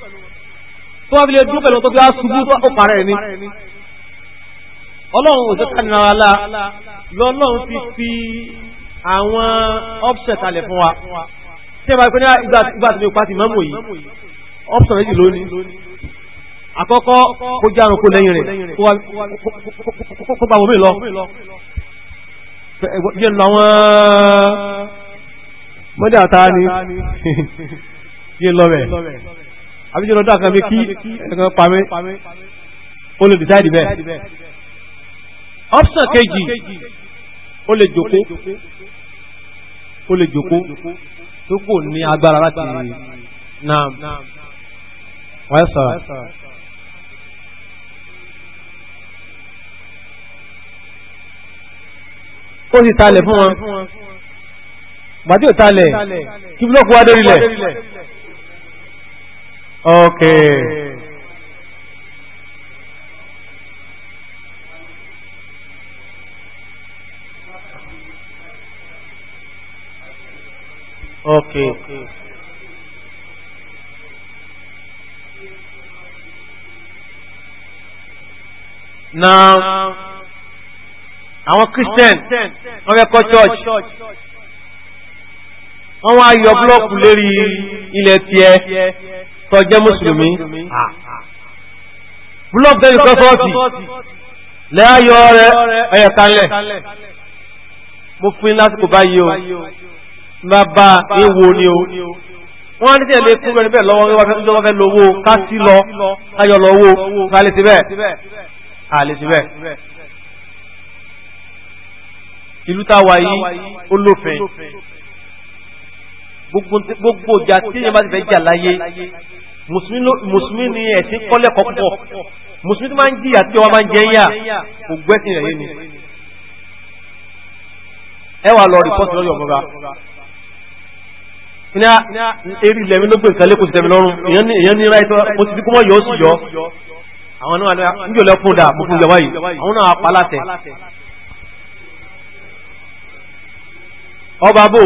tó wá fi lè dún pẹ̀lú wọn tó fi wá ṣubú tó ó parẹ́ ni ọlọ́run ò jẹ́ nínú ara la lọ́lọ́run fi fi àwọn ọ́fṣẹ̀ kalẹ̀ fún wa tí ẹ bá pẹ́ ní ìgbà tí mi pa ti mọ́mù yìí option méjì lónìí àkọ́kọ́ kó járun kó lẹ́yìn rẹ̀ kó bá wọ́n mi lọ jẹ́ lọ àwọn mọ́dé àtà ni jẹ́ lọ rẹ̀ àbíjẹ́ lọ dákan mi kí ẹ̀kan pamẹ́ ó lè dìsáìdì bẹ́ẹ̀ option kejì ó lè jòkó ó lè jòkó tó kò ní agbára láti náà wọ́n sọ̀rọ̀. ó sì talẹ̀ fún wọn gbàdí ò talẹ̀ kí búlọ́ọ̀kù wá dórílẹ̀. okay. okay. Okay. Now, àwọn Christian wọ́n fẹ́ kọ́ church. Wọ́n wá yọ búlọ́ọ̀kù lérí ilẹ̀ tiẹ̀ tó jẹ́ Mùsùlùmí. Búlọ́ọ̀kù lérí kọ́sọ́ọ̀tì lẹ́yà yọ ọ̀rẹ́ ẹ̀yẹ̀kanlẹ̀. Mo fún yín lásìkò báyìí o máa bá ewo ni o wọ́n á ní tẹ̀lé fún bẹ́ẹ̀ bẹ́ẹ̀ lọ́wọ́ wọ́n fẹ́ lówó ká sí lọ káyọ̀ lọ́wọ́ ká lè ti bẹ́ẹ̀ à lè ti bẹ́ẹ̀ ìlú tá a wà yìí ó lófin gbogbo ìjà tí yẹn bá ti fẹ́ jà láyé mùsùlùmí ni ẹ̀sìn kọ́lẹ́kọ̀ọ́ púpọ̀ mùsùlùmí máa ń jìyà tí wọ́n máa ń jẹ́ yà kò gbẹ́sìn rẹ̀ yé ni ẹ wà lọ rìpọ́tì lọ́yọ̀ ní eré ilẹ̀ mi ló gbé nǹkan lẹ́kọ̀ọ́ sí tẹ̀mí lọ́rùn èèyàn ní ra ìtọ́ o ti fi kó mọ́ yọ ó sì yọ àwọn náà ní yóò lọ fún un dà mo fún ìjọba yìí àwọn náà apá látẹ̀. ọba bò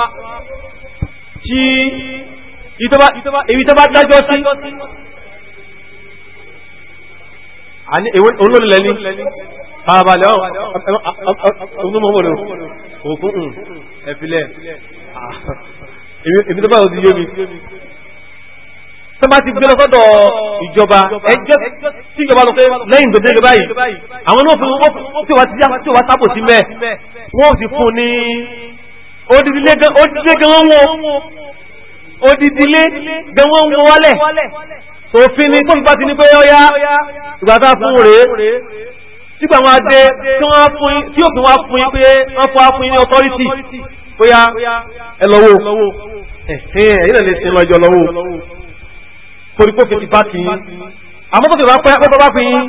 ó tí ibi tó bá dájọ́ sí àní olólùlẹ̀ ní farabalẹ̀ ọ̀gbọ́nmọ́wọ́lò òkúnkùn ẹ̀fìlẹ̀ èmi tó bá òdí yómi tó bá ti gbé lọ sọ́dọ̀ ìjọba ẹjọ́ tí ìjọba lọ pé lẹ́yìn tó dé báyìí àwọn náà fún tí wàá ti yá tí wàá sábò sí mẹ́ wọ́n ò sì fún ní odidile gan wọ́n odidile gan wọ́n wọ́n wálẹ̀ òfin ni tó nípa ti ní pé ọyá ìgbà tá a fún rèé sígbà wọn adé tí wọn fún tí òfin wa fún yín pé wọn fún wa fún yín ní ọtọrítì bóyá ẹ lọ́wọ́ ẹ̀hìn ẹ̀yìn náà lè sin lọ́jọ́ lọ́wọ́ torí pé òfin ti bá kì í àmọ́ tó ti bá pẹ́ pẹ́pẹ́ bá fi yín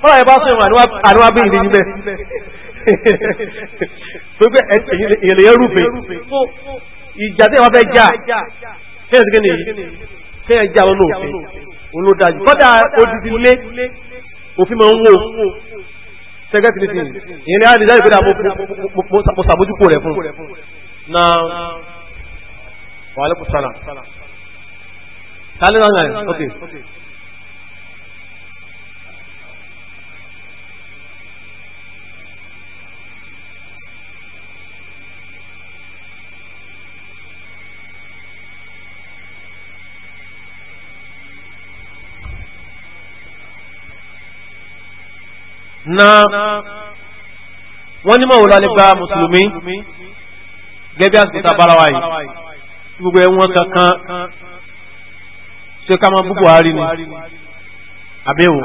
fọlá yẹn bá sọ ìwọ̀n àníwá bí ìdí níbẹ̀ pé èlè yẹn rúfe ìjà tí wọn fẹ́ jà kí ẹ̀ sì kí ni kí ẹ̀ jà lọ́nà òfin olódàjú kọ́dà odidi lé òfin máa ń wò sẹ́gẹ́tì nìsín ìyẹn ni a lè jáde pé mo sàbójúkò rẹ̀ fún na wàhálà kùsàlà tálẹ́ náà ok. na wọ́n ní mọ̀wòlá lè gba mùsùlùmí gẹ́gẹ́ àsìkò tá a bára wa yìí gbogbo ẹ̀wọ̀n kankan ṣé ká máa bú Buhari ni àbẹ́wò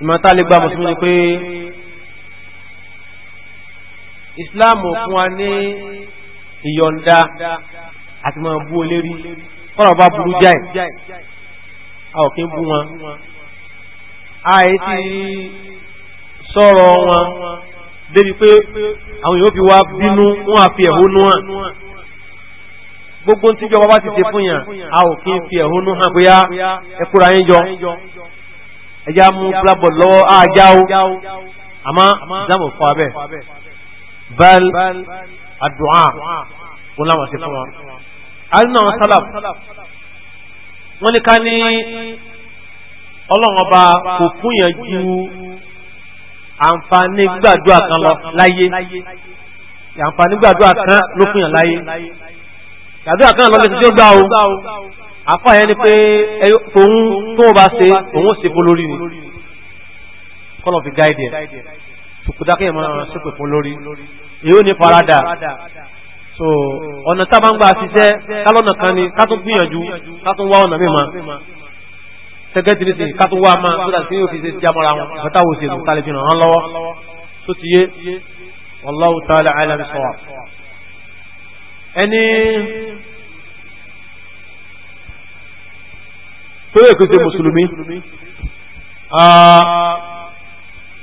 ìmọ̀ta lè gba mùsùlùmí ni pé Islam fún wa ní ìyọ̀ǹda àti máa bú olérí kọ́ra bá burú jáì a ò kí bú wọn àìtí sọ̀rọ̀ wọn débi pé àwọn yóò fi wá bínú wọn àfi ẹ̀hónú hàn gbogbo tíjọba bá ti ṣe fún yàn a ò kí n fi ẹ̀hónú hàn bóyá ẹkúra yín jọ ẹjá mú blábọ̀ lọ́wọ́ àjá o àmọ́ ìdáàmú fún abẹ́ bal àdùá wọn làwọn ṣe fún wọn. àdùnnà wọn sálà wọn ní ká ní ọlọ́run ọba kò fún yẹn ju àǹfààní gbàdúrà kan lọ láyé àǹfààní gbàdúrà kan ló fún yẹn láyé gbàdúrà kan lọ lè ti tó gbà o àfa yẹn ni pé tòun tó o bá ṣe òun ò ṣe fún lórí ni kọ́nà fi gáìdì ẹ̀ tòkúdá kéèyàn máa ṣépè fún lórí èyí ò ní farada so ọ̀nà tá a bá ń gbà ṣiṣẹ́ kálọ́nà kan ni ká tún gbìyànjú ká tún wá ọ̀nà míì máa sẹ́gẹ́tì ní sìn kátó wá máa sódà sí yóò fi ṣe jámọ́ra wọn ìfẹ́tà wo ṣèlú tá a lè fi ràn án lọ́wọ́ tó ti yé wallahu ta'ala a'lam sawab. ẹni tó yẹ kó ṣe mùsùlùmí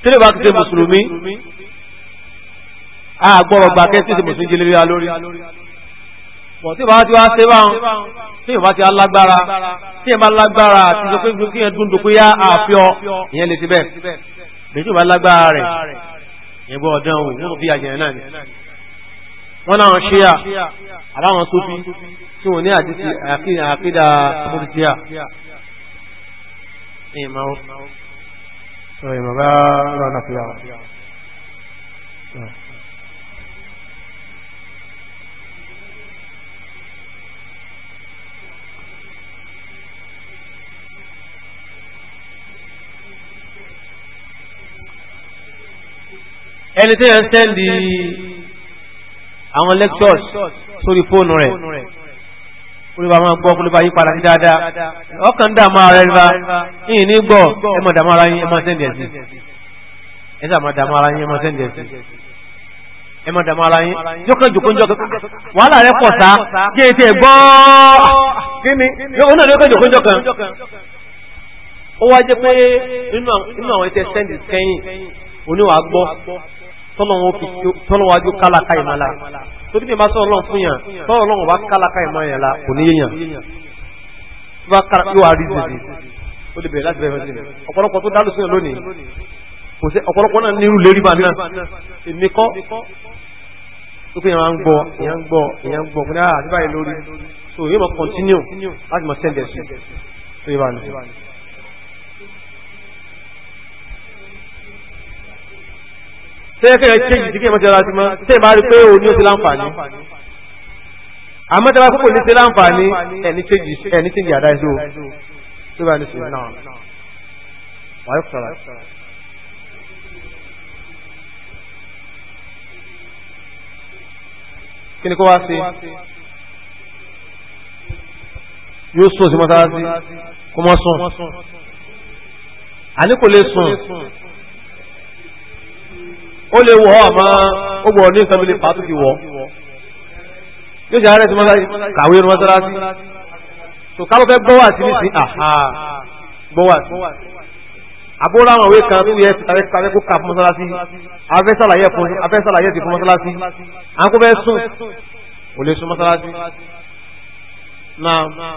tẹ́lẹ̀ bá ti ṣe mùsùlùmí àgbọ̀rọ̀gbà kẹ́sì ṣe mùsùlùmí jẹ́ bọ̀ tí ìbá ti wá ṣe báwọn tí ìbá ti alágbára tí ìbá lágbára àti ìjọ pé kí ẹ dúndùn pé yá àfihàn ìyẹn lè ti bẹ́ẹ̀ bẹ́ẹ̀ tí ìbá lágbára rẹ̀ ìyẹn bọ́ ọ̀dán òun nínú bí àjẹyàn náà ni. wọ́n náà ṣe à àbáwọn sófin tí wọ́n ní àkídà àmúrítíà ìmọ̀ ìmọ̀ bá rọ̀ nàfíà. ẹni tí yẹn ń sẹ́ndì àwọn lectures sórí fóònù rẹ̀ kúlùbà máa gbọ́ kúlùbà yí padà sí dáadáa ọkàn dààmú ara rẹ̀ bá yìí ní gbọ́ ẹ máa dààmú ara yín ẹ máa sẹ́ndì ẹ̀ sí ẹ sà máa dààmú ara yín ẹ máa sẹ́ndì ẹ̀ sí ẹ máa dààmú ara yín jókè jòkó ń jọkè wàhálà pọ̀ sá gbọ́ kí ni yóò náà jókè jòkó ń ó wá pé àwọn sẹ́ndì tọ́lọ́wọ́ fi tọ́lọ́wájú kálaka ìmọ̀lá torí bí ma sọ ọlọ́run fún yàn tọ́lọ́ ọlọ́run bá kálaka ìmọ̀ yàn la kò ní yéèyàn bá kára yóò wá rí zèzè ó lè bẹ̀rẹ̀ láti bẹ̀rẹ̀ sílẹ̀ ọ̀pọ̀lọpọ̀ tó dálù sílẹ̀ lónìí kò sí ọ̀pọ̀lọpọ̀ náà nírú lérí màmí náà èmi kọ́ tó pé ìyàn gbọ́ ìyàn gbọ́ ìyàn gbọ́ fúnra ah, àdébáyé lórí so yóò mọ̀ continue láti mọ̀ sẹ́ndẹ̀ sí tó yẹ tẹ́yẹ́kẹ́ yẹn ṣe ìdíkẹ́ mọ́ tẹ́ra sí mọ́ tẹ́yìn bá rí pé òun ní ó ti láǹfààní àmọ́ tẹ́ra púpọ̀ ní ti láǹfààní ẹni tí ń yàrá ìlú tó bá ní sùn náà wàá sọ̀rọ̀. kí ni kó wá sí yóò sùn sí mọ́tàlá sí kó mọ́ sùn àní lè sùn ó lè wọ̀ ọ́ àmọ́ ó gbọ́ ní sọ́mi lè pàtó fi wọ̀ yóò ṣe àárẹ̀ tí wọ́n kàwé ní mọ́sálásí tó káwọ́ fẹ́ gbọ́wà sí nísìn àhà gbọ́wà sí àbúrò àwọn òwe kan nínú yẹn tàbí kó kà fún mọ́sálásí afẹ́sàlàyé fún afẹ́sàlàyé ti fún mọ́sálásí àwọn kó fẹ́ sùn ò lè sùn mọ́sálásí náà.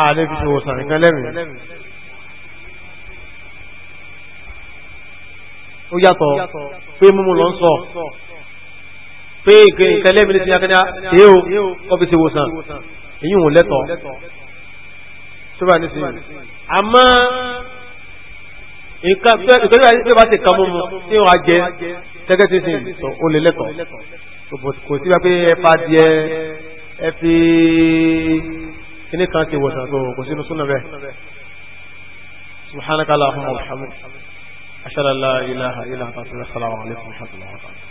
a lè fi ṣòwò sàn nǹkan lẹ́mìí. ó yàtọ̀ pé mímú lọ ń sọ pé nǹkan lẹ́mìí ti yàkẹ́dá tí ó kọ́bí ti wòsàn èyí wọn lẹ́tọ̀ tó bá ní sí àmọ́ nǹkan tó bá ti kàn mú mu tí wọ́n á jẹ gẹ́gẹ́ tí sì ó lè lẹ́tọ̀ kò sí wá pé ẹ pa díẹ̀ ẹ fi kíní kan ti wòsàn kò sínú súnà bẹ́ẹ̀ subhanaka allahumma wa أشهد أن لا إله إلا الله السلام عليكم ورحمة الله وبركاته